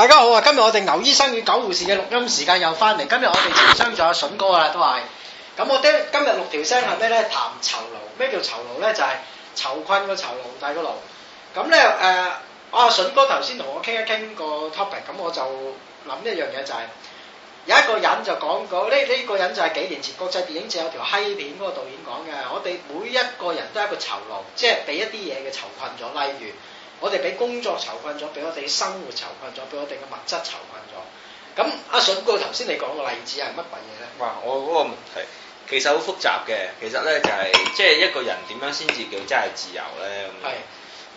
大家好啊！今日我哋牛醫生與九護士嘅錄音時間又翻嚟。今日我哋條聲咗阿筍哥啊，都係。咁我聽今日六條聲係咩咧？談囚奴。咩叫囚奴咧？就係、是、囚困個囚奴，就係個奴。咁咧誒，啊，筍哥頭先同我傾一傾個 topic，咁我就諗一樣嘢就係、是，有一個人就講過，呢、這、呢個人就係幾年前國際電影節有條閪片嗰個導演講嘅，我哋每一個人都係一個囚奴，即係俾一啲嘢嘅囚困咗，例如。我哋俾工作囚困咗，俾我哋生活囚困咗，俾我哋嘅物質囚困咗。咁阿信哥頭先你講嘅例子係乜鬼嘢咧？呢哇！我嗰個問題其實好複雜嘅，其實咧就係即係一個人點樣先至叫真係自由咧？係、嗯。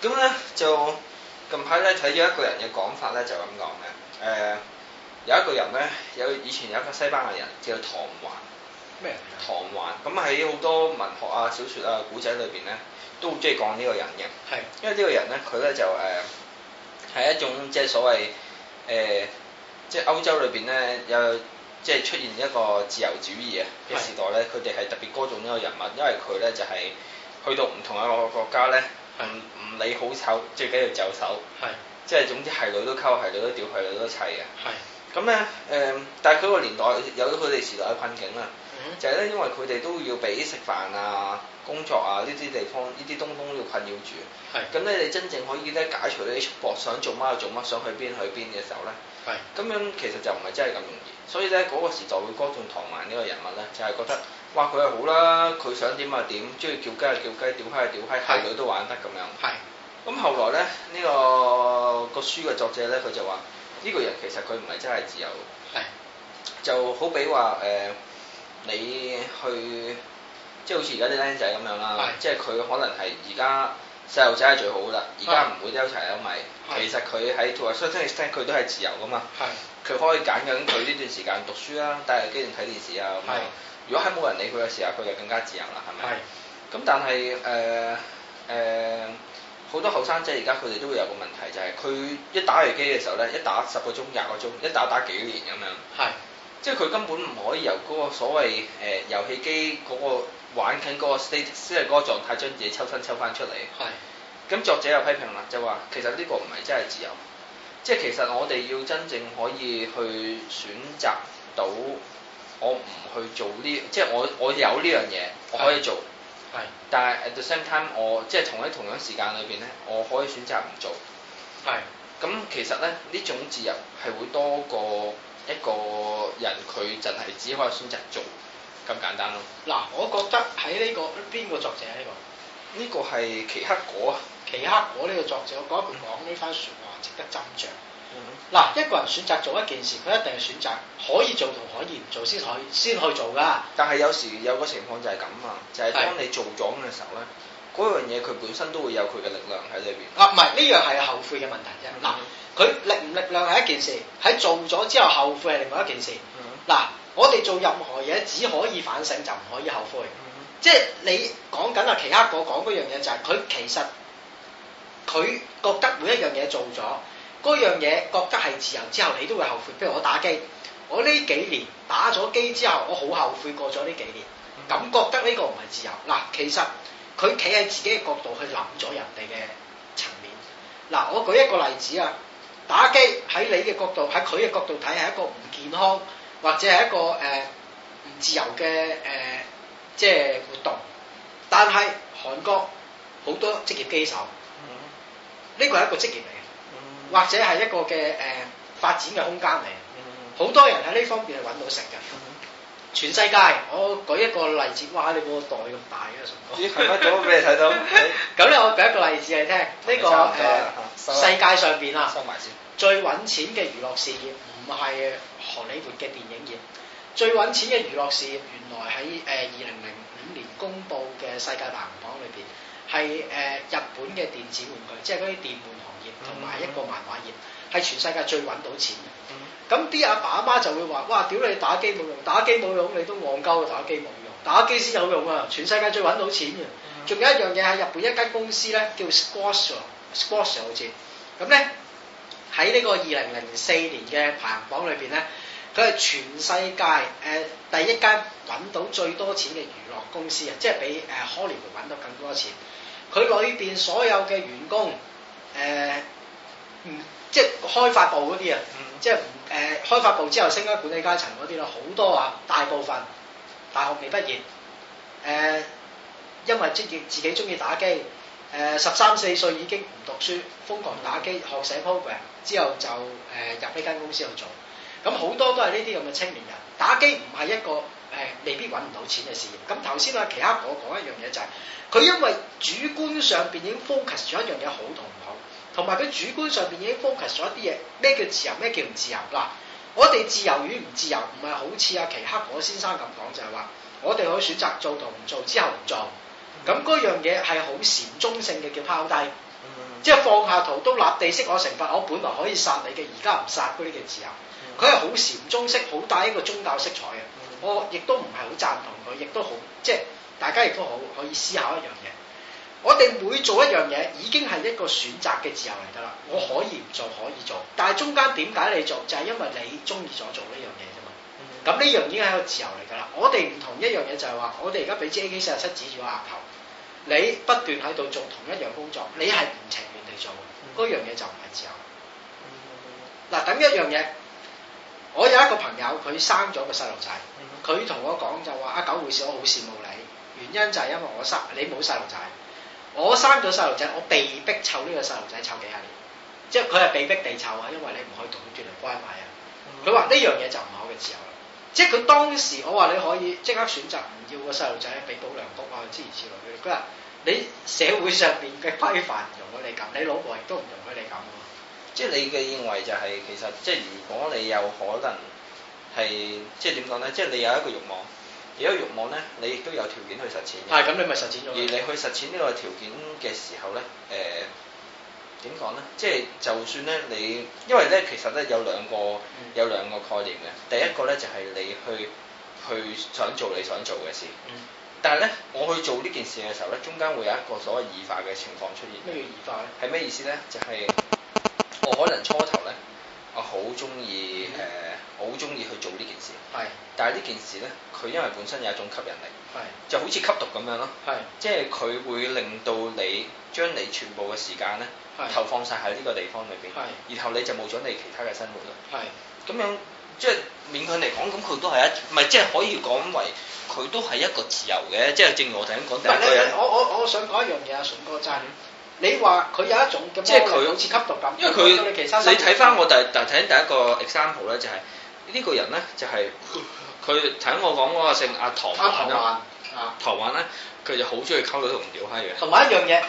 咁咧是就近排咧睇咗一個人嘅講法咧，就咁講嘅。誒、呃、有一個人咧，有以前有一個西班牙人叫做唐璜。唐璜咁喺好多文學啊、小說啊、古仔裏邊咧，都好中意講呢個人嘅。係因為呢個人咧，佢咧就誒係一種即係所謂誒，即係歐洲裏邊咧有即係出現一個自由主義嘅時代咧，佢哋係特別歌頌呢個人物，因為佢咧就係、是、去到唔同一個國家咧，唔唔理好醜，最緊要就手 Yes.，即係總之係女都溝、anyway，係女都屌，係女都砌嘅。係咁咧誒，但係佢個年代有咗佢哋時代嘅困境啦。就係咧，因為佢哋都要俾食飯啊、工作啊呢啲地方呢啲東東要困擾住。係。咁咧，你真正可以咧解除你啲束縛，想做乜就做乜，想去邊去邊嘅時候咧。係。咁樣其實就唔係真係咁容易。所以咧，嗰個時代會歌頌唐寅呢個人物咧，就係覺得，哇！佢係好啦，佢想點就點，中意叫雞就叫雞，屌閪就屌閪，係女都玩得咁樣。係。咁後來咧，呢個個書嘅作者咧，佢就話呢個人其實佢唔係真係自由。係。就好比話誒。你去即係好似而家啲僆仔咁樣啦，即係佢是可能係而家細路仔係最好噶啦，而家唔會堆齊喺埋。是其實佢喺佢話，雖然佢是都係自由噶嘛，佢是可以揀緊佢呢段時間讀書啦，打遊戲機定睇電視啊。是如果喺冇人理佢嘅時候，佢就更加自由啦，係咪？咁是但係誒誒，好、呃呃、多後生仔而家佢哋都會有個問題，就係、是、佢一打遊戲機嘅時候咧，一打十個鐘、廿個鐘，一打打，打幾年咁樣。即係佢根本唔可以由嗰個所謂誒、呃、遊戲機嗰、嗰個玩緊嗰個 state，即係嗰個狀態，將自己抽身抽翻出嚟。係的。咁作者又批評啦，就話其實呢個唔係真係自由。即係其實我哋要真正可以去選擇到我唔去做呢，即係我我有呢樣嘢我可以做。係。但係 at the same time，我即係同喺同樣時間裏邊咧，我可以選擇唔做。係的。咁其實咧，呢種自由係會多過，一個人佢淨係只可以選擇做咁簡單咯。嗱，我覺得喺呢、這個邊個作者呢、啊這個？呢個係奇克果啊，奇克果呢個作者，我講佢講呢番說話、嗯、值得斟酌。嗱、嗯，一個人選擇做一件事，佢一定係選擇可以做同可以唔做先可以、嗯、先去做噶。但係有時有個情況就係咁啊，就係、是、當你做咗嘅時候咧，嗰樣嘢佢本身都會有佢嘅力量喺裏邊、啊。啊，唔係呢樣係後悔嘅問題啫。嗱、嗯。佢力唔力量係一件事，喺做咗之後後悔係另外一件事。嗱、mm hmm.，我哋做任何嘢只可以反省就唔可以後悔。Mm hmm. 即係你講緊啊，其他個講嗰樣嘢就係、是、佢其實佢覺得每一樣嘢做咗嗰樣嘢，覺得係自由之後，你都會後悔。譬如我打機，我呢幾年打咗機之後，我好後悔過咗呢幾年，咁覺得呢個唔係自由。嗱，其實佢企喺自己嘅角度去諗咗人哋嘅層面。嗱，我舉一個例子啊。打機喺你嘅角度，喺佢嘅角度睇係一個唔健康，或者係一個誒唔、呃、自由嘅誒、呃、即係活動。但係韓國好多職業機手，呢、這個係一個職業嚟嘅，或者係一個嘅誒、呃、發展嘅空間嚟。好多人喺呢方面係揾到食嘅。全世界，我舉一個例子，哇！你個袋咁大嘅唇膏，係乜咁俾你睇到？咁咧，我舉一個例子嚟聽，呢、這個誒世界上邊啊，收埋先。最揾錢嘅娛樂事業唔係荷里活嘅電影業，最揾錢嘅娛樂事業原來喺誒二零零五年公佈嘅世界排行榜裏邊。係誒日本嘅電子玩具，即係嗰啲電玩行業同埋一個漫畫業，係全世界最揾到錢嘅。咁啲阿爸阿媽就會話：哇！屌你打機冇用，打機冇用，你都戇鳩打機冇用，打機先有用啊！全世界最揾到錢嘅。仲、嗯、有一樣嘢喺日本一間公司咧，叫 Square，Square 好似。咁咧喺呢個二零零四年嘅排行榜裏邊咧，佢係全世界誒、呃、第一間揾到最多錢嘅娛樂公司啊！即係比誒荷里活揾到更多錢。佢裏邊所有嘅員工，誒、呃，唔即係開發部嗰啲啊，即係誒、呃、開發部之後升翻管理階層嗰啲啦，好多啊，大部分大學未畢業，誒、呃，因為中意自己中意打機，誒十三四歲已經唔讀書，瘋狂打機學寫 program，之後就誒、呃、入呢間公司度做，咁好多都係呢啲咁嘅青年人，打機唔係一個誒未必揾唔到錢嘅事業。咁頭先阿奇克果講一樣嘢就係、是，佢因為主觀上邊已經 focus 咗一樣嘢好同唔好，同埋佢主觀上邊已經 focus 咗一啲嘢。咩叫自由？咩叫唔自由？嗱，我哋自由與唔自由，唔係好似阿奇克果先生咁講就係、是、話，我哋可以選擇做同唔做之後唔做。咁嗰樣嘢係好禪中性禪宗性嘅叫拋低，即係放下屠刀立地釋我成佛。我本來可以殺你嘅，而家唔殺，嗰啲嘅自由。佢係好禪宗式，好大一個宗教色彩嘅。我亦都唔係好贊同佢，亦都好即係大家亦都好可以思考一樣嘢。我哋每做一樣嘢已經係一個選擇嘅自由嚟噶啦。我可以唔做可以做，但係中間點解你做就係、是、因為你中意咗做呢樣嘢啫嘛。咁呢樣已經係一個自由嚟噶啦。我哋唔同一樣嘢就係話，我哋而家俾支 AK47 指住個額頭，你不斷喺度做同一樣工作，你係唔情願地做嗰樣嘢就唔係自由。嗱，咁一樣嘢。我有一個朋友，佢生咗個細路仔，佢同我講就話：阿狗護士，我好羨慕你。原因就係因為我生你冇細路仔，我生咗細路仔，我被逼湊呢個細路仔湊幾廿年，即係佢係被逼被湊啊，因為你唔可以同佢斷絕關係啊。佢話呢樣嘢就唔係我嘅自由啦，即係佢當時我話你可以即刻選擇唔要個細路仔，俾保良局啊，諸如此類。佢話你社會上邊嘅規範容佢你咁，你老婆亦都唔容即係你嘅認為就係、是、其實，即係如果你有可能係即係點講咧？即係你有一個慾望，有一個慾望咧，你亦都有條件去實踐嘅。係，咁你咪實踐咗。而你去實踐呢個條件嘅時候咧，誒點講咧？即係就算咧，你因為咧，其實咧有兩個、嗯、有兩個概念嘅。第一個咧就係、是、你去去想做你想做嘅事。嗯、但係咧，我去做呢件事嘅時候咧，中間會有一個所謂異化嘅情況出現。咩叫異化咧？係咩意思咧？就係、是。我可能初頭咧，我好中意誒，好中意去做呢件事。係。但係呢件事咧，佢因為本身有一種吸引力，係就好似吸毒咁樣咯，係即係佢會令到你將你全部嘅時間咧，投放晒喺呢個地方裏邊，係然後你就冇咗你其他嘅生活咯，係咁樣即係勉強嚟講，咁佢都係一唔係即係可以講為佢都係一個自由嘅，即係正如我頭先講第一個人，我我我想講一樣嘢啊，崇哥債。你話佢有一種咁，即係佢好似吸毒咁。因為佢，其實你睇翻我第，第睇緊第一個 example 咧、就是，就係呢個人咧、就是，就係佢睇我講嗰個姓阿唐，阿唐啊，唐環咧，佢就好中意溝女同屌閪嘅。同埋一樣嘢。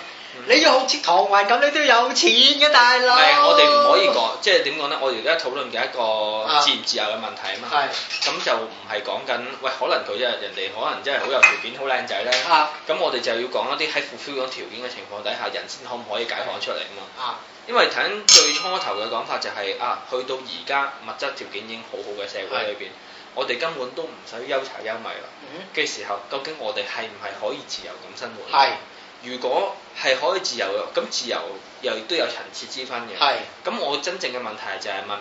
你要好似唐雲咁，你都要有錢嘅大佬。唔係、嗯，我哋唔可以講，即係點講呢？我哋而家討論嘅一個自唔自由嘅問題啊嘛。咁、啊、就唔係講緊喂，可能佢啊人哋可能真係好有條件、好靚仔呢。咁、啊、我哋就要講一啲喺符合咗條件嘅情況底下，人先可唔可以解放出嚟啊？啊。因為睇緊最初嗰頭嘅講法就係、是、啊，去到而家物質條件已經好好嘅社會裏邊，啊、我哋根本都唔使憂柴憂米啦。嘅、嗯、時候，究竟我哋係唔係可以自由咁生活？係、啊。如果係可以自由嘅，咁自由又都有層次之分嘅。係。咁我真正嘅問題就係問，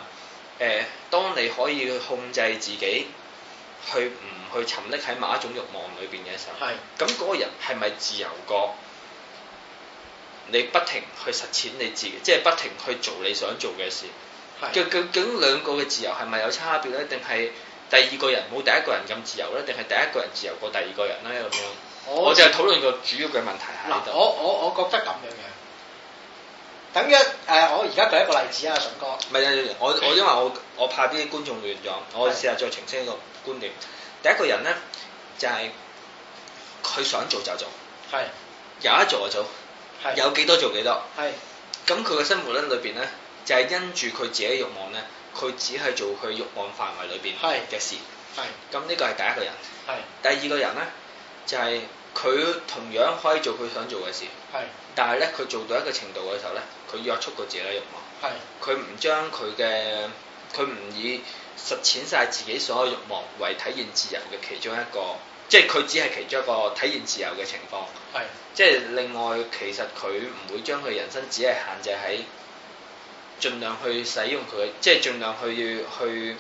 誒，當你可以去控制自己去唔去沉溺喺某一種欲望裏邊嘅時候，係。咁嗰個人係咪自由過？你不停去實踐你自己，即係不停去做你想做嘅事。係。係。究竟兩個嘅自由係咪有差別咧？定係第二個人冇第一個人咁自由咧？定係第一個人自由過第二個人咧？咁樣？哦、我就係討論個主要嘅問題喺度、啊、我我我覺得咁樣嘅，等於誒、呃，我而家舉一個例子啊，順哥。唔係，我是我因為我我怕啲觀眾亂咗，我試下再澄清一個觀點。第一個人咧就係、是、佢想做就做，係是，有得做就做，係是，有幾多做幾多，係是。咁佢嘅生活咧裏邊咧，就係、是、因住佢自己嘅欲望咧，佢只係做佢欲望範圍裏邊係嘅事，係。咁呢個係第一個人，係是。第二個人咧。就係佢同樣可以做佢想做嘅事，係是，但係咧佢做到一個程度嘅時候咧，佢約束佢自己嘅欲望，係是，佢唔將佢嘅佢唔以實踐晒自己所有欲望為體現自由嘅其中一個，即係佢只係其中一個體現自由嘅情況，係是，即係另外其實佢唔會將佢人生只係限制喺盡量去使用佢，即係盡量去去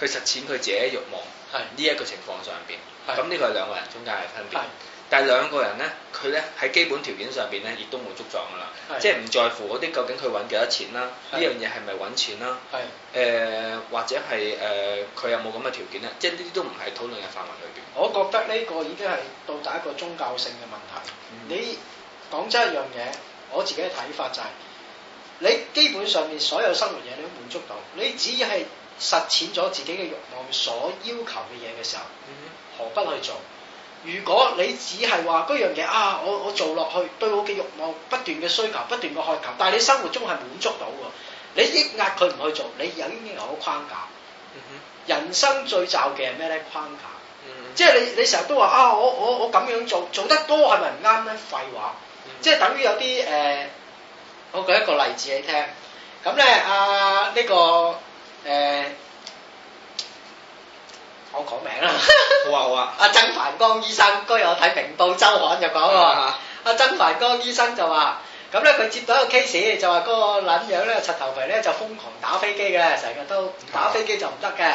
去實踐佢自己嘅欲望，係呢一個情況上邊。咁呢個係兩個人中間嘅分別，是但係兩個人咧，佢咧喺基本條件上邊咧，亦都滿足咗㗎啦，是即係唔在乎嗰啲究竟佢揾幾多錢啦，呢樣嘢係咪揾錢啦？誒是、呃，或者係誒，佢、呃、有冇咁嘅條件咧？即係呢啲都唔係討論嘅範圍裏邊。我覺得呢個已經係到達一個宗教性嘅問題。嗯、你講真一樣嘢，我自己嘅睇法就係、是，你基本上面所有生活嘢你都滿足到，你只要係實踐咗自己嘅欲望所要求嘅嘢嘅時候。嗯何不去做？如果你只係話嗰樣嘢啊，我我做落去，對我嘅欲望不斷嘅需求，不斷嘅渴求，但係你生活中係滿足到㗎，你抑壓佢唔去做，你又已經有個框架。人生最罩嘅係咩咧？框架。即係你你成日都話啊，我我我咁樣做做得多係咪唔啱咧？廢話，即係等於有啲誒、呃，我舉一個例子你聽。咁咧啊，呢、這個誒。呃我講名啦、 啊，好啊好啊，阿曾繁光醫生嗰日我睇《明報周刊》就講喎，阿、啊、曾繁光醫生就話，咁咧佢接到一個 case，就話嗰個撚樣咧，擦頭皮咧就瘋狂打飛機嘅，成日都唔打飛機就唔得嘅，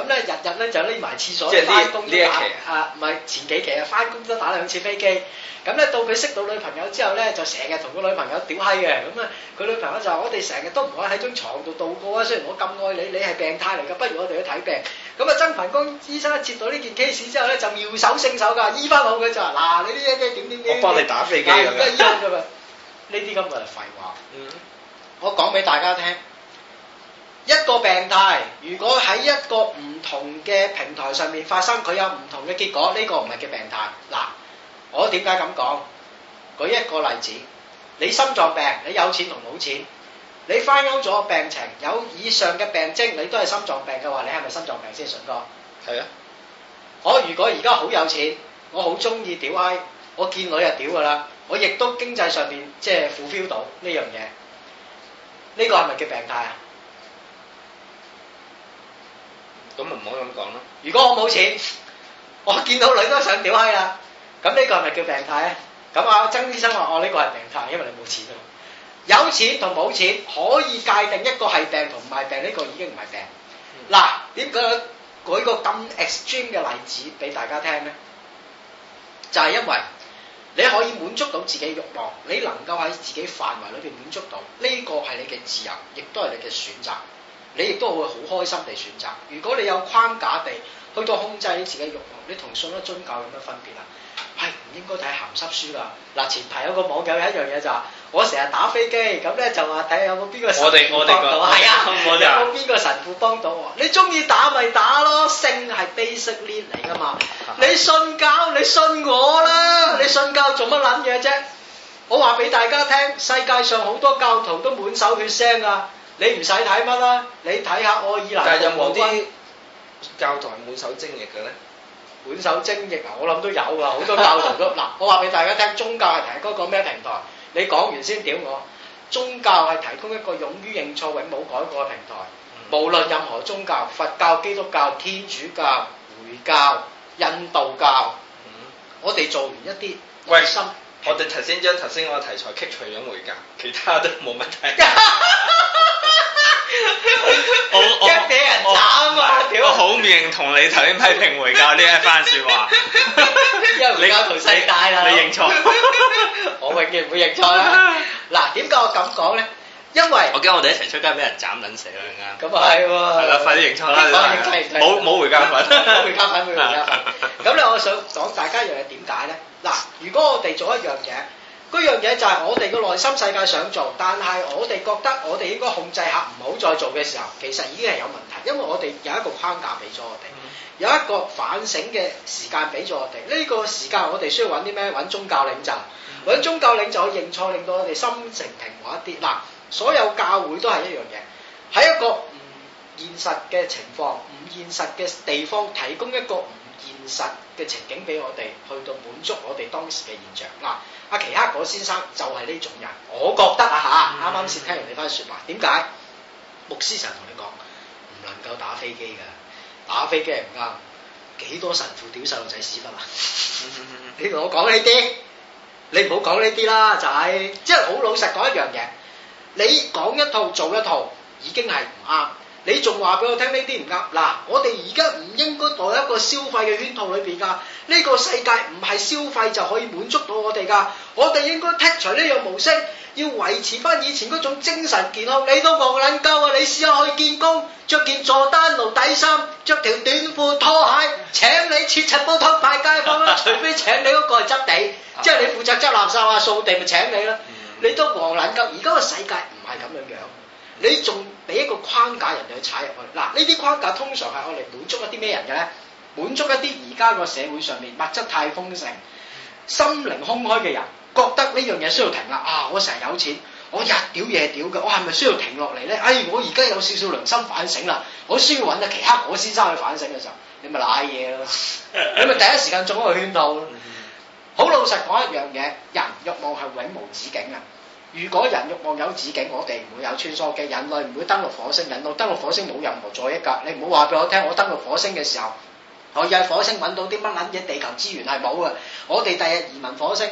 咁咧、啊、日日咧就匿埋廁所，翻工都打，一期啊唔係、啊、前幾期啊翻工都打兩次飛機，咁咧到佢識到女朋友之後咧，就成日同個女朋友屌閪嘅，咁啊佢女朋友就話：我哋成日都唔可以喺張床度度過啊，雖然我咁愛你，你係病態嚟㗎，不如我哋去睇病。咁啊，曾繁光醫生一接到呢件 case 之後咧，就妙手勝手噶，醫翻好佢就話：嗱、啊，你呢啲啲點點點，怎樣怎樣我幫你打飛機㗎，唔得醫㗎嘛。呢啲咁嘅係廢話。嗯、mm，hmm. 我講俾大家聽，一個病態，如果喺一個唔同嘅平台上面發生，佢有唔同嘅結果，呢、這個唔係嘅病態。嗱、啊，我點解咁講？舉一個例子，你心臟病，你有錢同冇錢。你翻優咗病情，有以上嘅病徵，你都係心臟病嘅話，你係咪心臟病先？順哥的，係啊。我如果而家好有錢，我好中意屌閪，我見女就屌噶啦，我亦都經濟上面，即係 fulfill 到呢樣嘢。呢、這個係咪叫病態啊？咁咪唔好咁講咯。如果我冇錢，我見到女都想屌閪啦。咁呢個係咪叫病態啊？咁阿曾醫生話：我、哦、呢、這個係病態，因為你冇錢啊。嘛。有錢同冇錢可以界定一個係病同唔係病，呢個已經唔係病。嗱，點解舉個咁 extreme 嘅例子俾大家聽呢？就係、是、因為你可以滿足到自己欲望，你能夠喺自己範圍裏邊滿足到，呢、這個係你嘅自由，亦都係你嘅選擇。你亦都會好開心地選擇。如果你有框架地去到控制你自己欲望，你同信咗宗教有咩分別啊？係、哎、唔應該睇鹹濕書啦！嗱，前排有個網友有一樣嘢就我成日打飛機，咁咧就話睇下有冇邊個神父幫到我，係啊，我我有冇邊個神父幫到我？你中意打咪打咯，性係 basic need 嚟噶嘛？ 你信教你信我啦，你信教做乜撚嘢啫？我話俾大家聽，世界上好多教徒都滿手血腥啊！你唔使睇乜啦，你睇下愛爾蘭。但係有冇啲教徒係滿手精液嘅咧？滿手精液啊！我諗都有噶，好多教徒都嗱。 我話俾大家聽，宗教係睇嗰個咩平台？你講完先屌我，宗教係提供一個勇於認錯、永冇改過嘅平台。嗯、無論任何宗教，佛教、基督教、天主教、回教、印度教，嗯嗯、我哋做完一啲，我哋頭先將頭先個題材剔除咗回教，其他都冇問題。 我驚俾人斬啊！我我我好唔認同你頭先批評回教呢一番說話。你認錯，我永遠唔會認錯啦。嗱，點解我咁講咧？因為我驚我哋一齊出街俾人斬捻死啦！咁啊，係喎，係啦，快啲認錯啦！冇好唔好回教粉，唔好回教粉，唔好回教粉。咁咧，我想講大家一樣嘢，點解咧？嗱，如果我哋做一樣嘢。嗰樣嘢就係我哋嘅內心世界想做，但係我哋覺得我哋應該控制下，唔好再做嘅時候，其實已經係有問題，因為我哋有一個框架俾咗我哋，有一個反省嘅時間俾咗我哋。呢個時間我哋需要揾啲咩？揾宗教領袖，揾宗教領袖去認錯，令到我哋心情平和一啲。嗱，所有教會都係一樣嘅，喺一個唔現實嘅情況、唔現實嘅地方，提供一個唔現實嘅情景俾我哋，去到滿足我哋當時嘅現象。嗱。阿奇克果先生就係呢種人，我覺得啊嚇，啱啱先聽完你番説話，點解牧師神同你講唔能夠打飛機嘅，打飛機係唔啱，幾多神父屌細路仔屎忽啦、啊？ 你同我講呢啲，你唔好講呢啲啦，就係即係好老實講一樣嘢，你講一套做一套已經係唔啱。你仲話俾我聽呢啲唔啱嗱？我哋而家唔應該待喺一個消費嘅圈套裏邊㗎。呢個世界唔係消費就可以滿足到我哋㗎。我哋應該剔除呢樣模式，要維持翻以前嗰種精神健康。你都戇撚鳩啊！你試下去見工，着件佐丹奴底衫，着條短褲拖鞋，請你切七煲湯派街坊啦！除非請你嗰個係執地，即係你負責執垃圾啊，掃地咪請你咯。你都戇撚鳩。而家個世界唔係咁樣樣。你仲俾一個框架人哋去踩入去嗱？呢啲框架通常係我哋滿足一啲咩人嘅咧？滿足一啲而家個社會上面物質太豐盛、心靈空虛嘅人，覺得呢樣嘢需要停啦。啊，我成日有錢，我日屌夜屌嘅，我係咪需要停落嚟咧？哎，我而家有少少良心反省啦，我需要揾阿奇克果先生去反省嘅時候，你咪賴嘢咯， 你咪第一時間中咗個圈套。 好老實講一樣嘢，人欲望係永無止境嘅。如果人慾望有止境，我哋唔會有穿梭機，人類唔會登陸火星，人類登陸火星冇任何助益噶。你唔好話俾我聽，我登陸火星嘅時候，我喺火星揾到啲乜撚嘢，地球資源係冇啊。我哋第日移民火星，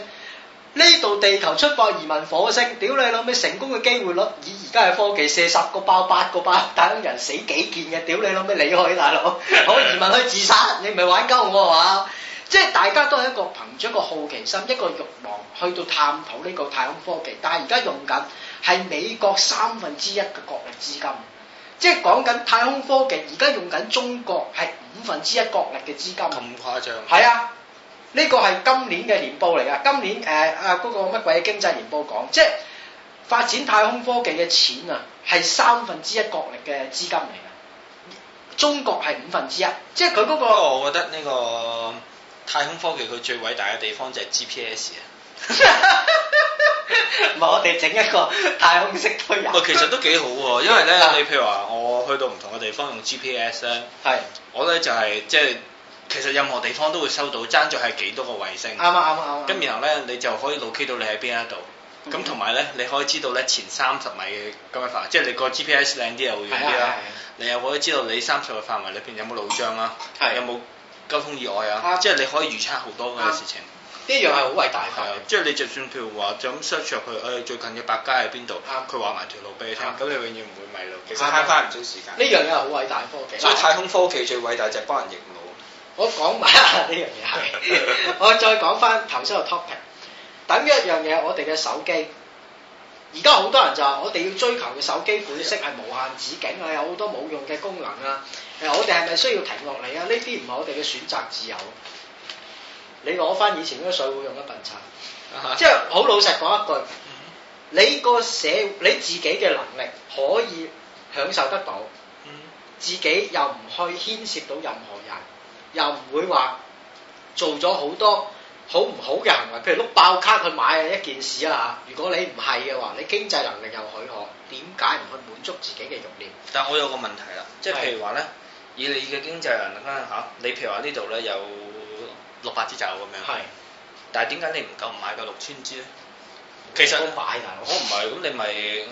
呢度地球出發移民火星，屌你老味，成功嘅機會率以而家嘅科技，射十個包八個包，等人死幾件嘅，屌你老味，你去大佬，好移民去自殺，你唔係玩鳩我啊！即係大家都係一個憑住一個好奇心，一個慾望去到探討呢個太空科技。但係而家用緊係美國三分之一嘅國力資金，即係講緊太空科技。而家用緊中國係五分之一國力嘅資金。咁誇張？係啊，呢個係今年嘅年報嚟噶。今年誒啊嗰個乜鬼經濟年報講，即係發展太空科技嘅錢啊，係三分之一國力嘅資金嚟噶。中國係五分之一，即係佢嗰個。我覺得呢個。太空科技佢最偉大嘅地方就係 GPS 啊，唔係我哋整一個太空式對話。唔係，其實都幾好喎，因為咧你譬如話我去到唔同嘅地方用 GPS 咧，我咧就係即係其實任何地方都會收到，爭咗係幾多個衛星。啱啊，啱啊，啱，咁然後咧你就可以 locate 到你喺邊一度，咁同埋咧你可以知道咧前三十米嘅咁嘅範圍，即係你個 GPS 靚啲又會遠啲啦，你又可以知道你三十個範圍裏邊有冇路障啊，有冇？交通意外啊，即係你可以預測好多嗰啲事情，呢樣係好偉大嘅，即係你就算譬如話就咁 search 入去，誒最近嘅百佳喺邊度，佢話埋條路俾你聽，咁你永遠唔會迷路，其實慳翻唔少時間。呢樣嘢係好偉大嘅科技。所以太空科技最偉大就係幫人認路。我講埋呢樣嘢係，我再講翻頭先個 topic。等於一樣嘢，我哋嘅手機。而家好多人就話，我哋要追求嘅手機款式係無限止境啊，有好多冇用嘅功能啊，誒，我哋係咪需要停落嚟啊？呢啲唔係我哋嘅選擇自由。你攞翻以前嗰啲水壺用一笨叉， 即係好老實講一句，你個社你自己嘅能力可以享受得到，自己又唔去牽涉到任何人，又唔會話做咗好多。好唔好嘅行為，譬如碌爆卡去買一件事啊嚇！如果你唔係嘅話，你經濟能力又許可，點解唔去滿足自己嘅慾念？但係我有個問題啦，即係譬如話咧，是以你嘅經濟能力啦嚇、啊，你譬如話是呢度咧有六百支酒咁樣，係，但係點解你唔夠唔買夠六千支咧？其實我買啊，我唔係咁，你咪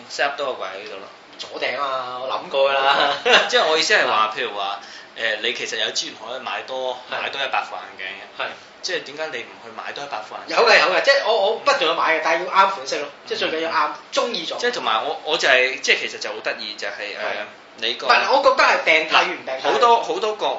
set 多個櫃喺呢度咯，左頂啊！我諗過㗎啦，即係我意思係話，譬如話誒、呃，你其實有資源可以買多買多一百副眼鏡嘅。是即係點解你唔去買多一百款？有嘅有嘅，即係我我不斷去買嘅，但係要啱款式咯，即係最緊要啱，中意咗。即係同埋我我就係即係其實就好得意，就係、是、誒的、呃、你覺。但係我覺得係訂製完啦訂製好多好多個。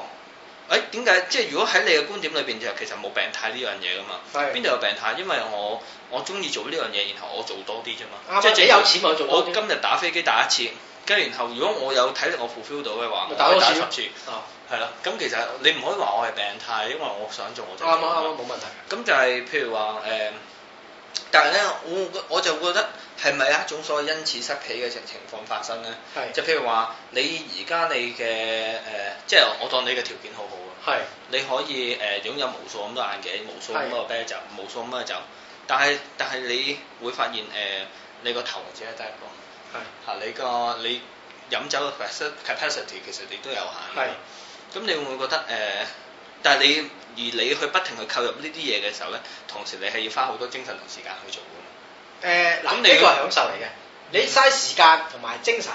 誒點解？即係如果喺你嘅觀點裏邊就其實冇病態呢樣嘢噶嘛？邊度是有病態？因為我我中意做呢樣嘢，然後我做多啲啫嘛。啊、即係是自己有錢我做多啲。我今日打飛機打一次，跟住然後如果我有體力我 fulfil 到嘅話，我打十次。打一次哦，係啦。咁其實你唔可以話我係病態，因為我想做我就做。啱啊啱冇、啊啊啊啊、問題。咁就係、是、譬如話誒。呃但係咧，我我就覺得係咪一種所謂因此失起嘅情情況發生咧？係是、呃，即譬如話，你而家你嘅誒，即係我當你嘅條件好好啊，係是，你可以誒擁、呃、有無數咁多眼鏡，無數咁多啤酒，是無數咁多酒，但係但係你會發現誒、呃，你個頭只係得一個，係嚇是、啊，你個你飲酒嘅 capacity 其實你都有限，係是，咁你會唔會覺得誒、呃？但係你。而你去不停去購入呢啲嘢嘅時候咧，同時你係要花好多精神同時間去做嘅。誒，嗱，呢個係享受嚟嘅。你嘥時間同埋精神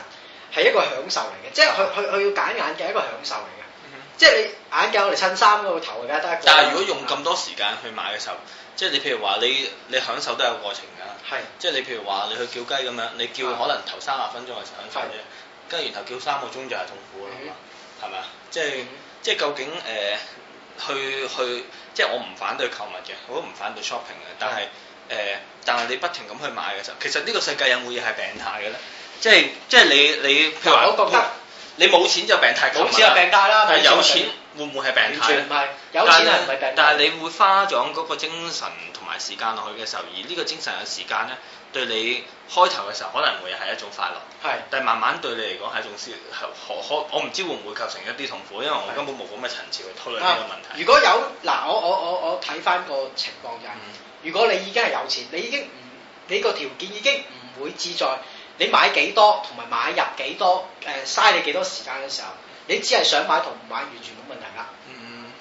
係一個享受嚟嘅，即係佢佢佢要揀眼鏡一個享受嚟嘅。即係你眼鏡攞嚟襯衫嗰個頭，而家得一個。但係如果用咁多時間去買嘅時候，即係你譬如話你你享受都有過程㗎。係。即係你譬如話你去叫雞咁樣，你叫可能頭三十分鐘係享受啫，跟住然後叫三個鐘就係痛苦啦，係咪啊？即係即係究竟誒？去去，即係我唔反對購物嘅，我都唔反對 shopping 嘅，但係誒、嗯、呃，但係你不停咁去買嘅時候，其實呢個世界有冇嘢係病態嘅咧？即係即係你你，你譬如話，我覺得你冇錢就病態，冇錢有病態啦，但係有錢。會唔會係病態？完全唔係，有錢係唔係病態。但係你會花咗嗰個精神同埋時間落去嘅時候，而呢個精神嘅時間咧，對你開頭嘅時候可能會係一種快樂。係，是的 但係慢慢對你嚟講係一種消可可，我唔知會唔會構成一啲痛苦，因為我根本冇咁嘅層次去討論呢個問題。啊、如果有嗱，我我我我睇翻個情況就係，如果你已經係有錢，你已經唔，你個條件已經唔會志在你買幾多同埋買入幾多，誒、呃、嘥你幾多時間嘅時候。你只係想買同唔買，完全冇問題㗎。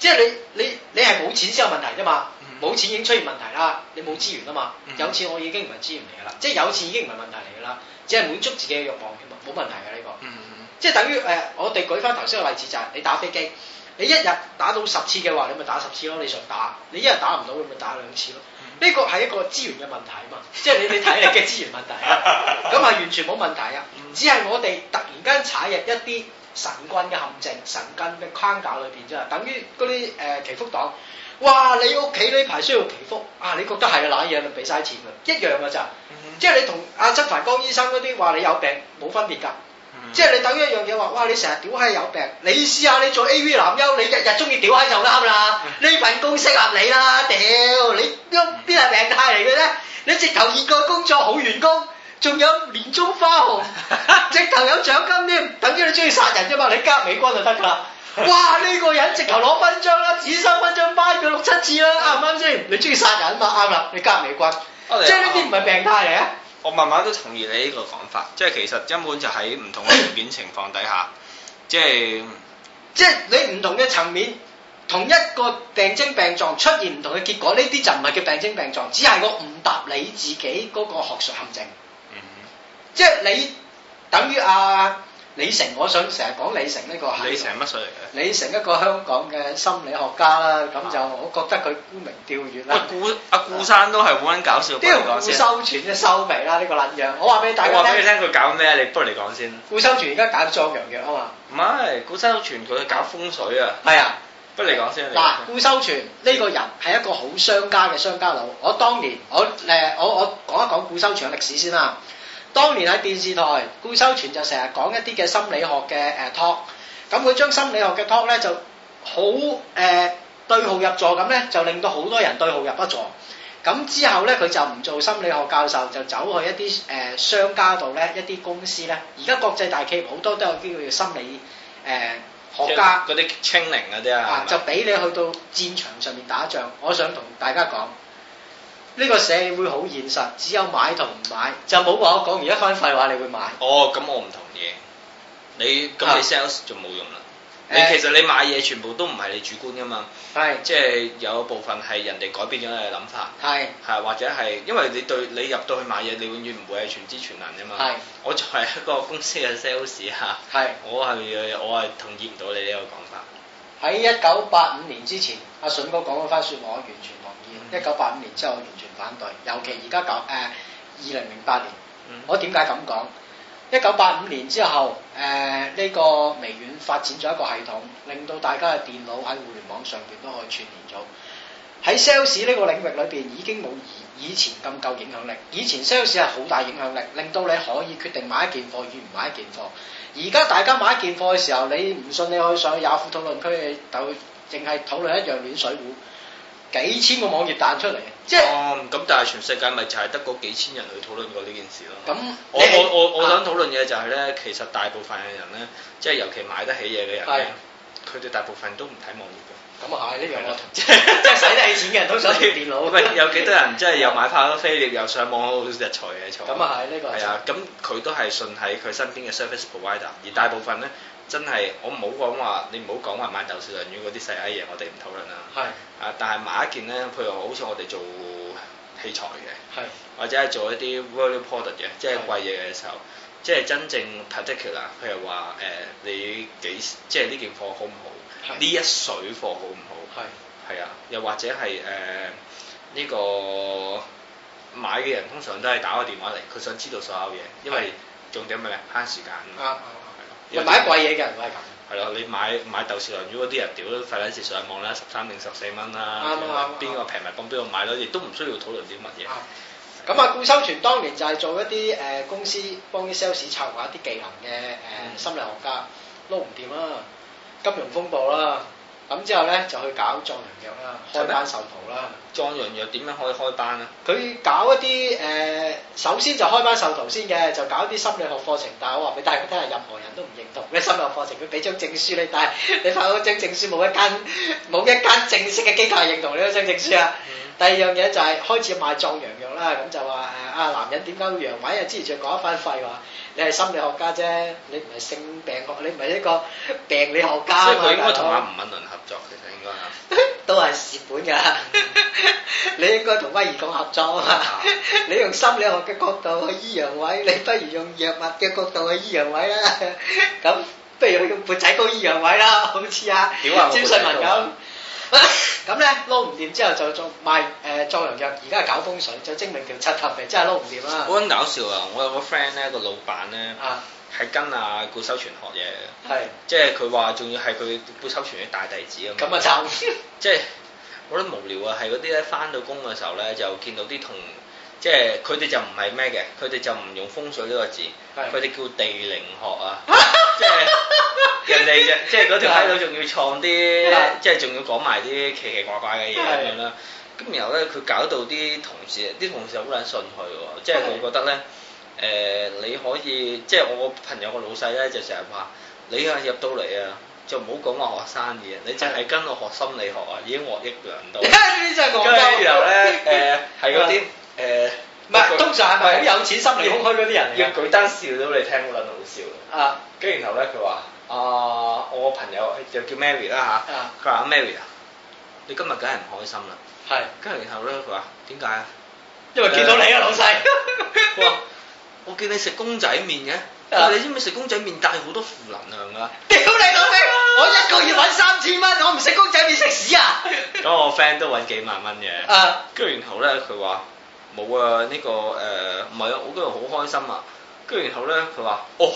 即係你你你係冇錢先有問題啫、嗯、嘛。冇、嗯、錢已經出現問題啦。你冇資源啊嘛。嗯、有錢我已經唔係資源嚟噶啦。即係有錢已經唔係問題嚟噶啦，只係滿足自己嘅欲望，冇問題嘅呢、這個。嗯嗯、即係等於誒、呃，我哋舉翻頭先個例子就係、是、你打飛機，你一日打到十次嘅話，你咪打十次咯。你想打，你一日打唔到，你咪打兩次咯。呢個係一個資源嘅問題啊嘛。即係 你你睇你嘅資源問題啊，咁係完全冇問題啊。只係我哋突然間踩入一啲。神棍嘅陷阱，神棍嘅框架裏邊啫，等於嗰啲誒祈福黨，哇！你屋企呢排需要祈福啊？你覺得係啊，嗱嘢就俾晒錢㗎，一樣㗎咋。Mm hmm. 即係你同阿、啊、曾繁光醫生嗰啲話你有病冇分別㗎，mm hmm. 即係你等於一樣嘢話，哇！你成日屌閪有病，你試下你做 A V 男優，你日日中意屌喺就啱啦，呢份工適合你啦，屌你邊邊係病態嚟嘅咧？你直頭二個工作好員工，仲有年中花紅，直頭有獎金添，等於你中意殺人啫嘛，你加美軍就得噶啦。哇，呢、這個人直頭攞勛章啦，紫心勛章擺咗六七次啦，啱唔啱先？你中意殺人嘛？啱、啊、啦，你加美軍，即係呢啲唔係病態嚟啊！我慢慢都同意你呢個講法，即係其實根本就喺唔同嘅層面情況底下， 即係即係你唔同嘅層面，同一個病徵病狀出現唔同嘅結果，呢啲就唔係叫病徵病狀，只係我唔答你自己嗰個學術陷阱。即係你等於阿、啊、李成，我想成日講李成呢個。李成係乜水嚟嘅？李成一個香港嘅心理學家啦，咁、啊、就我覺得佢沽名釣譽啦、啊。顧阿顧山都係好捻搞笑，啊、不如顧修全都收尾啦，呢、這個爛樣。我話俾大家我話俾你聽，佢搞咩？你不如你講先。顧修全而家搞壯陽藥啊嘛。唔係顧修全，佢係搞風水啊。係啊，不如你講先但。嗱，顧修全呢個人係一個好商家嘅商家佬。我當年我誒、嗯、我、嗯、我講一講顧修全嘅歷史先啦。嗯當年喺電視台，顧修全就成日講一啲嘅心理學嘅誒 talk，咁佢將心理學嘅 talk 咧就好誒、呃、對號入座咁咧，就令到好多人對號入得座。咁之後咧，佢就唔做心理學教授，就走去一啲誒、呃、商家度咧，一啲公司咧。而家國際大企業好多都有叫做心理誒、呃、學家。嗰啲清零嗰啲啊，吧就俾你去到戰場上面打仗。我想同大家講。呢個社會好現實，只有買同唔買，就冇話我講完一番廢話，你會買。哦，咁、嗯嗯、我唔同意。你咁你 sales 就冇用啦。你其實你買嘢全部都唔係你主觀噶嘛。係是。即係有部分係人哋改變咗你嘅諗法。係是。係或者係因為你對你入到去買嘢，你永遠唔會係全知全能噶嘛。係是。我就係一個公司嘅 sales 吓。係是。我係我係同意唔到你呢個講法。喺一九八五年之前，阿順哥講嗰番説話，我完全冇。一九八五年之後完全反對，尤其而家九誒二零零八年，嗯、我點解咁講？一九八五年之後，誒、呃、呢、呢個微軟發展咗一個系統，令到大家嘅電腦喺互聯網上邊都可以串聯咗。喺 sales 呢個領域裏邊已經冇以以前咁夠影響力。以前 sales 係好大影響力，令到你可以決定買一件貨與唔買一件貨。而家大家買一件貨嘅時候，你唔信，你可以上去 Yahoo 討論區就淨係討論一樣暖水壺。幾千個網頁彈出嚟，即係、嗯，咁但係全世界咪就係得嗰幾千人去討論過呢件事咯？咁，我我我我想討論嘅就係咧，其實大部分嘅人咧，即係尤其買得起嘢嘅人咧，佢哋是的 大部分都唔睇網頁嘅。咁啊係，呢樣我，即係即係使得起錢嘅人都想要電腦、嗯。唔有幾多人即係又買跑飛碟又上網日財嘅？咁啊係，呢、這個係的，啊、嗯，咁佢都係信喺佢身邊嘅 service provider 而大部分咧。真係，我唔好講話，你唔好講話買豆豉涼丸嗰啲細閪嘢，我哋唔討論啦。係是啊，但係買一件咧，譬如好似我哋做器材嘅，是或者係做一啲 value product 嘅，即係貴嘢嘅時候，是即係真正 particular。譬如話誒、呃，你幾即係呢件貨好唔好？呢是一水貨好唔好？係是啊，又或者係誒呢個買嘅人通常都係打個電話嚟，佢想知道所有嘢，因為重點係咩？慳時間人買啲貴嘢嘅，唔係咁。係咯，你買買豆豉鱈魚嗰啲人，屌都費卵事，買買上網啦，十三定十四蚊啦。啱啱。邊、啊、個平咪幫邊個買咯，亦都唔需要討論啲乜嘢。咁啊，顧修全當年就係做一啲誒、呃、公司幫啲 sales 策劃一啲技能嘅誒、呃、心理學家，撈唔掂啦，金融風暴啦。嗯咁之後咧就去搞壯陽藥啦，嗎開班授徒啦。壯陽藥點樣可以開班咧？佢搞一啲誒、呃，首先就開班授徒先嘅，就搞一啲心理學課程。但係我話俾大家聽係任何人都唔認同咩心理學課程。佢俾張證書你，但係你發個張證書冇一間冇一間正式嘅機構認同呢張證書啊。嗯、第二樣嘢就係、是、開始賣壯陽藥啦。咁就話誒啊，男人點解會陽痿啊？之前仲講一番廢話。你係心理學家啫，你唔係性病學，你唔係一個病理學家嘛。所以佢應該同阿吳敏倫合作，其實應該 都係蝕本㗎。 你應該同翻兒童合作啊！嘛。 你用心理學嘅角度去醫陽痿，你不如用藥物嘅角度去醫陽痿啦。咁 不如用砵仔糕醫陽痿啦，好似啊，詹瑞文咁。咁咧撈唔掂之後就做賣誒壯陽藥，而家係搞風水，就證明條七合皮真係撈唔掂啦。好撚搞笑啊！我有個 friend 咧，個老闆咧，係、啊、跟阿顧修全學嘢，即係佢話仲要係佢顧修全嘅大弟子咁。咁啊就即係我覺得無聊啊，係嗰啲咧返到工嘅時候咧，就見到啲同。即係佢哋就唔係咩嘅，佢哋就唔用風水呢個字，佢哋是的 叫地靈學啊。 即係人哋 即係嗰條閪佬仲要創啲，即係仲要講埋啲奇奇怪怪嘅嘢咁樣啦。咁 是的 然後咧，佢搞到啲同事，啲 同事好撚信佢喎、啊。即係佢覺得咧，誒、呃、你可以，即係我個朋友個老細咧就成日話，你啊入到嚟啊。就唔好講我學生意啊！你淨係跟我學心理學啊，已經獲益良多。跟住然後咧，誒係嗰啲誒，唔係通常係咪好有錢、心理空虛嗰啲人嚟？要舉燈笑到你聽嗰撚好笑啊！跟住然後咧，佢話：啊，我個朋友又叫 Mary 啦嚇，佢話 Mary 啊，你今日梗係唔開心啦。係。跟住然後咧，佢話點解？因為見到你啊，老細。我見你食公仔麪嘅。啊哦、你知唔知食公仔麵帶好多負能量㗎？屌你老味！我一個月揾三千蚊，我唔食公仔麵食屎啊！咁我 friend 都揾幾萬蚊嘅，跟住、啊、然後咧佢話冇啊呢、呢個誒唔係啊我今日好開心啊！跟住然後咧佢話哦，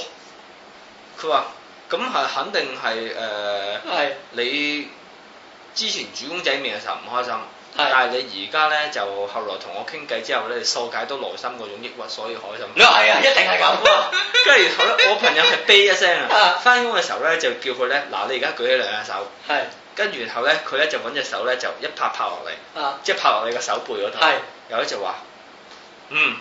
佢話咁係肯定係誒、呃、是你之前煮公仔麵嘅時候唔開心。但係你而家咧就後來同我傾偈之後咧，疏解到內心嗰種抑鬱，所以開心。你啊，一定係咁。跟住好啦，我朋友係悲一聲啊，翻工嘅時候咧就叫佢咧，嗱你而家舉起兩隻手，係 的，跟住然後咧佢咧就揾隻手咧就一拍拍落嚟，啊， 即係拍落你個手背嗰度，係 的，然後就話，嗯。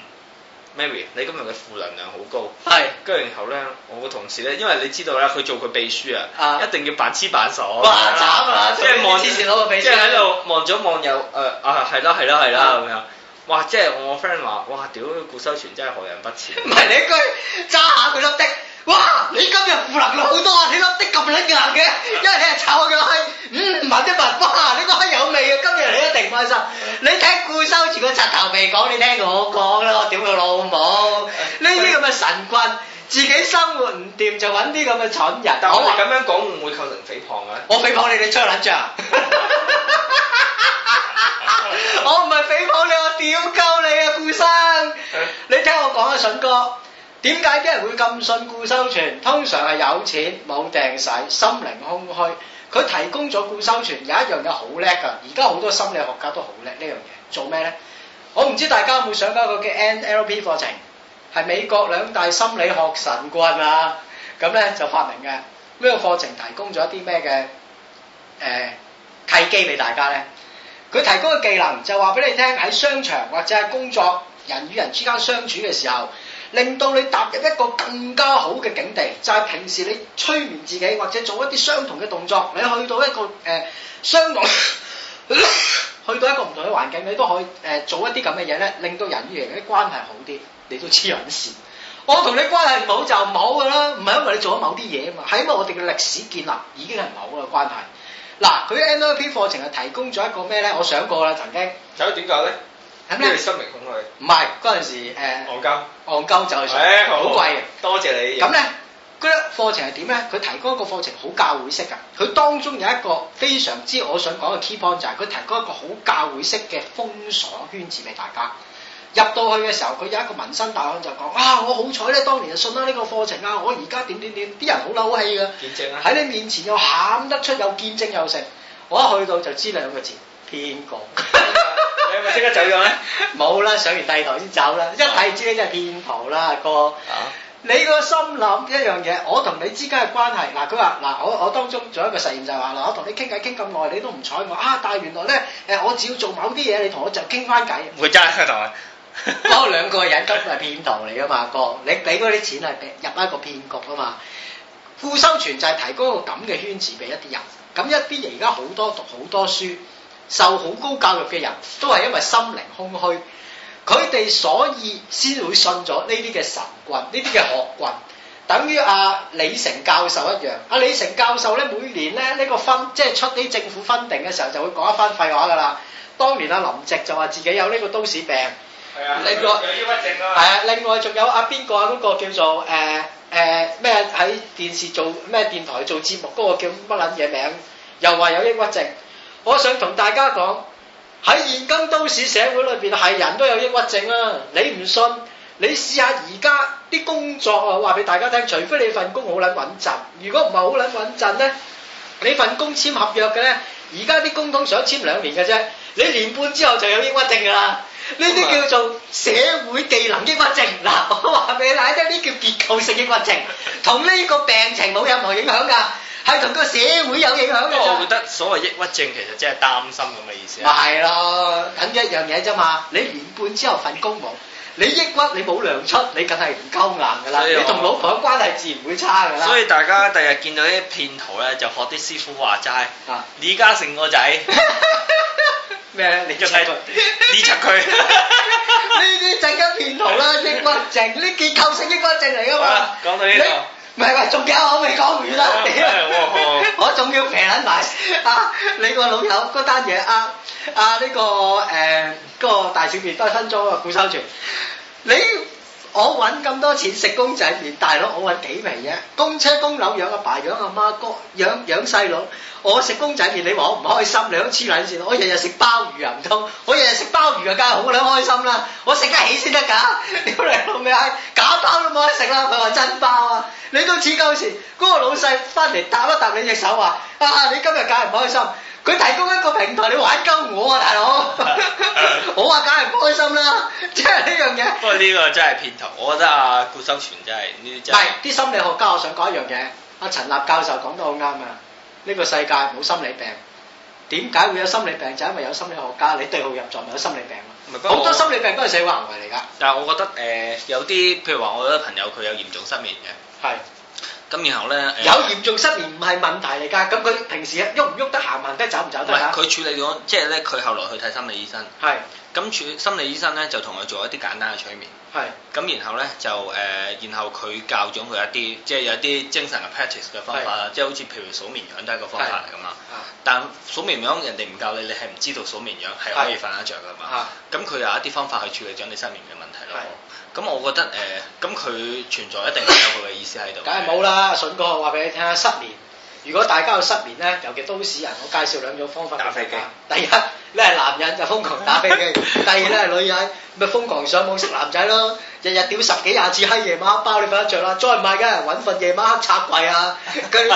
Mary，你今日嘅負能量好高，係是，跟住然後咧，我個同事咧，因為你知道啦，佢做個秘書啊，一定要扮痴扮傻，哇慘啊，即係望住時攞個秘即係喺度望左望右，誒啊係啦係啦係啦咁樣，哇即係我 friend 話，哇屌顧修全真係害人不淺，唔係 你一句揸下佢粒的。哇！你今日負能量好多啊！你粒的咁撚硬嘅、啊，因為你係炒我嘅閪，嗯，買啲文化，你個閪有味啊！今日你一定開心！你睇顧修住個柒頭未講，你聽我講咯，屌佢老母！呢啲咁嘅神棍，自己生活唔掂就揾啲咁嘅蠢人。但我哋咁樣講說會唔會構成誹謗啊？我誹謗你，哋你吹住啊！哈哈 我唔係誹謗你，我屌鳩你啊？顧生，你聽我講啊，筍哥。點解啲人會咁信固收存？通常係有錢冇定使，心靈空虛。佢提供咗固收存，有一樣嘢好叻嘅，而家好多心理學家都好叻呢樣嘢。做咩呢？我唔知大家有冇上過一個 NLP 課程，係美國兩大心理學神棍啊，咁咧就發明嘅。呢個課程提供咗一啲咩嘅誒契機俾大家呢？佢提供嘅技能就話俾你聽喺商場或者係工作人與人之間相處嘅時候，令到你踏入一個更加好嘅境地，就係、是、平時你催眠自己或者做一啲相同嘅動作，你去到一個誒、呃、相同， 去到一個唔同嘅環境，你都可以誒、呃、做一啲咁嘅嘢咧，令到人與人啲關係好啲，你都黐人事。我同你關係唔好就唔好㗎啦，唔係因為你做咗某啲嘢啊嘛，係因為我哋嘅歷史建立已經係唔好嘅關係。嗱，佢 NLP 課程係提供咗一個咩咧？我想過啦，曾經。有啲點咧？咁咩？因為心靈恐懼。唔係嗰陣時，誒、呃，昂購、嗯，昂購就係好、欸哦、貴啊！多謝你。咁、嗯、咧，佢啲課程係點咧？佢提供一個課程好教會式噶，佢當中有一個非常之我想講嘅 key point 就係佢提供一個好教會式嘅封鎖圈子俾大家。入到去嘅時候，佢有一個民生大亨就講，啊，我好彩咧，當年就信咗呢個課程啊，我而家點點點，啲人好嬲氣噶，見證啊！喺你面前又喊得出，又見證又成。我一去到就知兩個字：騙個。 你咪即刻走咗咧？冇啦，上完第二堂先走啦。一睇知你真係騙徒啦，哥。啊！你個心諗一樣嘢，我同你之間嘅關係嗱，佢話嗱，我我當中做一個實驗就係話嗱，我同你傾偈傾咁耐，你都唔睬我啊！但係原來咧，誒，我只要做某啲嘢，你同我就傾翻偈。唔會真啊，阿唐。兩個人根本係騙徒嚟噶嘛，哥。你俾嗰啲錢係入一個騙局噶嘛？富修全提供個咁嘅圈子俾一啲人，咁一啲人而家好多讀好多書。受好高教育嘅人都係因為心靈空虛，佢哋所以先會信咗呢啲嘅神棍、呢啲嘅學棍，等於阿李成教授一樣。阿李成教授咧，每年咧呢個分即係出呢政府分定嘅時候，就會講一番廢話噶啦。當年阿林夕就話自己有呢個都市病，有抑鬱症啊，另外仲有阿邊個啊，嗰個叫做誒誒咩喺電視做咩電台做節目嗰個叫乜撚嘢名，又話有抑鬱症。我想同大家講，喺現今都市社會裏邊，係人都有抑鬱症啊！你唔信？你試下而家啲工作啊，話俾大家聽，除非你份工好撚穩陣，如果唔係好撚穩陣咧，你份工簽合約嘅咧，而家啲工廠想簽兩年嘅啫，你年半之後就有抑鬱症㗎喇。呢啲叫做社會技能抑鬱症。嗱，我話俾你聽，呢啲叫結構性抑鬱症，同呢個病情冇任何影響㗎。係同個社會有影響噶。我覺得所謂抑鬱症其實真係擔心咁嘅意思。咪係咯，等一樣嘢啫嘛。你年半之後份工冇，你抑鬱你冇糧出，你梗係唔夠硬噶啦。你同老婆嘅關係自然會差噶啦。所以大家第日見到啲騙徒咧，就學啲師傅話齋。李嘉誠個仔。咩？你將睇到呢出佢？呢啲陣間騙徒啦，抑鬱症呢，結構性抑鬱症嚟噶嘛。講到呢度。唔係，喂，仲有我未講完啦。我仲要平緊埋啊！你老啊啊、個老友嗰單嘢啊啊呢、呢個誒嗰大小便都係分裝啊，固收住你我揾咁多錢食公仔麵，大佬我揾幾平啫？供車供樓養阿爸，爸養阿媽，媽，哥養養細佬，我食公仔麵，你話我唔開心？兩黐撚線，我日日食鮑魚啊，唔通，我日日食鮑魚啊，梗係好啦，開心啦，我食得起先得㗎。唔好去食啦！佢話真包啊！你都至夠時，嗰、那個老細翻嚟搭一搭你隻手，啊，話啊，你今日梗係唔開心。佢提供一個平台你玩鳩我啊，大佬，好啊，梗、啊、係 開心啦，即係呢樣嘢。啊啊、 不過呢個真係騙徒，我覺得啊顧修全、就是、真係呢。但係啲心理學家我想講一樣嘢，阿陳立教授講得好啱啊！呢、這個世界冇心理病，點解會有心理病？就是、因為有心理學家，你對號入座咪有心理病好多心理病都係社會行為嚟㗎，但係我覺得誒、呃，有啲譬如話我有個朋友佢有嚴重失眠嘅。係。咁然後咧，有嚴重失眠唔係問題嚟㗎。咁佢平時喐唔喐得行行得走唔走得？唔係佢處理咗，即係咧佢後來去睇心理醫生。係。咁處心理醫生咧就同佢做一啲簡單嘅催眠。係。咁然後咧就誒，然後佢教咗佢一啲，即係有一啲精神嘅 practice 嘅方法啦，即係好似譬如數綿羊都係一個方法嚟㗎嘛。啊。但數綿羊人哋唔教你，你係唔知道數綿羊係可以瞓得着㗎嘛？啊。咁佢有一啲方法去處理咗你失眠嘅問題咯。咁、嗯、我覺得誒，咁、呃、佢、嗯、存在一定有佢嘅意思喺度，梗係冇啦，筍、啊、哥話俾你聽下失眠，如果大家有失眠咧，尤其都市人，我介紹兩種方法打飛機。第一，你係男人就瘋狂打飛機； 第二，你係 女人咪瘋狂上網識男仔咯。日日屌十幾廿次閪，夜晚黑包你瞓得着啦，再唔係梗係揾份夜晚黑拆櫃啊！啲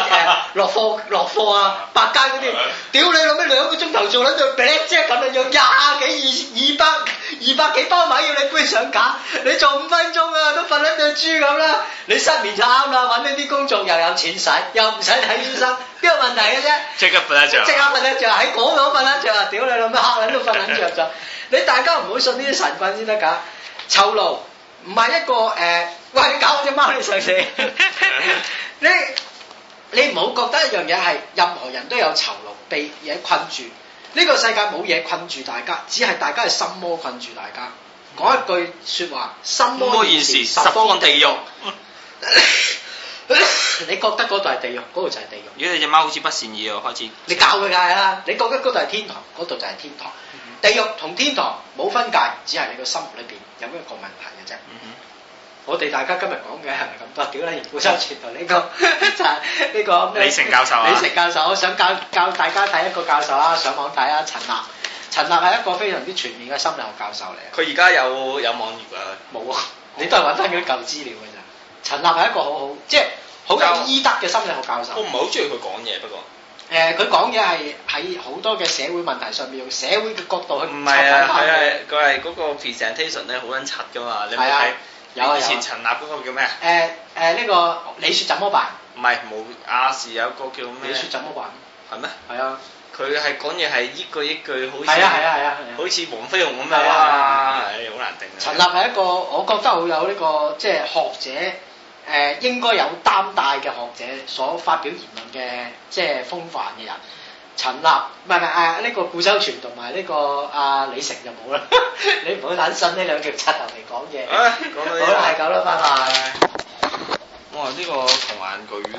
落貨落貨啊，百佳嗰啲，屌你老味兩個鐘頭做甩對餅，即係咁樣有廿幾二二百二百幾包米要你搬上架，你做五分鐘啊都瞓得對豬咁啦！你失眠就啱啦，揾呢啲工作又有錢使，又唔使睇醫生，邊個問題嘅啫？即刻瞓得著，即刻瞓得著喺廣廣瞓得着啊！屌你老味嚇喺度瞓緊着咗，你大家唔好信呢啲神棍先得㗎，臭路！唔係一個誒、呃，喂！你搞我隻貓，你上死死！ 你你唔好覺得一樣嘢係任何人都有囚牢、被嘢困住。呢、這個世界冇嘢困住大家，只係大家係心魔困住大家。講、嗯、一句説話，心魔現時十方地獄。地獄 你覺得嗰度係地獄，嗰度就係地獄。如果你隻貓好似不善意哦，開始。你搞佢梗係啦，你覺得嗰度係天堂，嗰度就係天堂。 地獄同天堂冇分界，只係你個心裏邊有一個問題嘅啫。嗯、哼我哋大家今日講嘅係咪咁多？屌你！ 而家全部呢個，呢個李成教授李、啊、成教授我想教教大家睇一個教授啦，上網睇下、啊、陳立。陳立係一個非常之全面嘅心理學教授嚟。佢而家有有網頁啊？冇啊，你都係搵翻佢啲舊資料嘅咋。陳立係一個好好，即係好有醫德嘅心理學教授。我唔係好中意佢講嘢，不過。誒佢講嘢係喺好多嘅社會問題上面，社會嘅角度去唔係啊，佢係佢係嗰個 presentation 咧好撚柒噶嘛，你冇睇？有以前陳立嗰個叫咩啊？誒誒呢個，你說怎麼辦？唔係冇亞視有個叫咩？你說怎麼辦？係咩？係啊，佢係講嘢係一句一句好似係啊係啊係啊，好似黃飛鴻咁樣啊，唉好難定啊！陳立係一個我覺得好有呢個即係學者。誒應該有擔戴嘅學者所發表言論嘅即係風範嘅人，陳立唔係唔係啊呢、這個顧修全同埋呢個阿、啊、李成就冇啦， 你唔、啊、好擔心，呢兩條柒頭嚟講嘢，好啦，係咁啦，那個、拜拜。哇！呢、這個同眼距。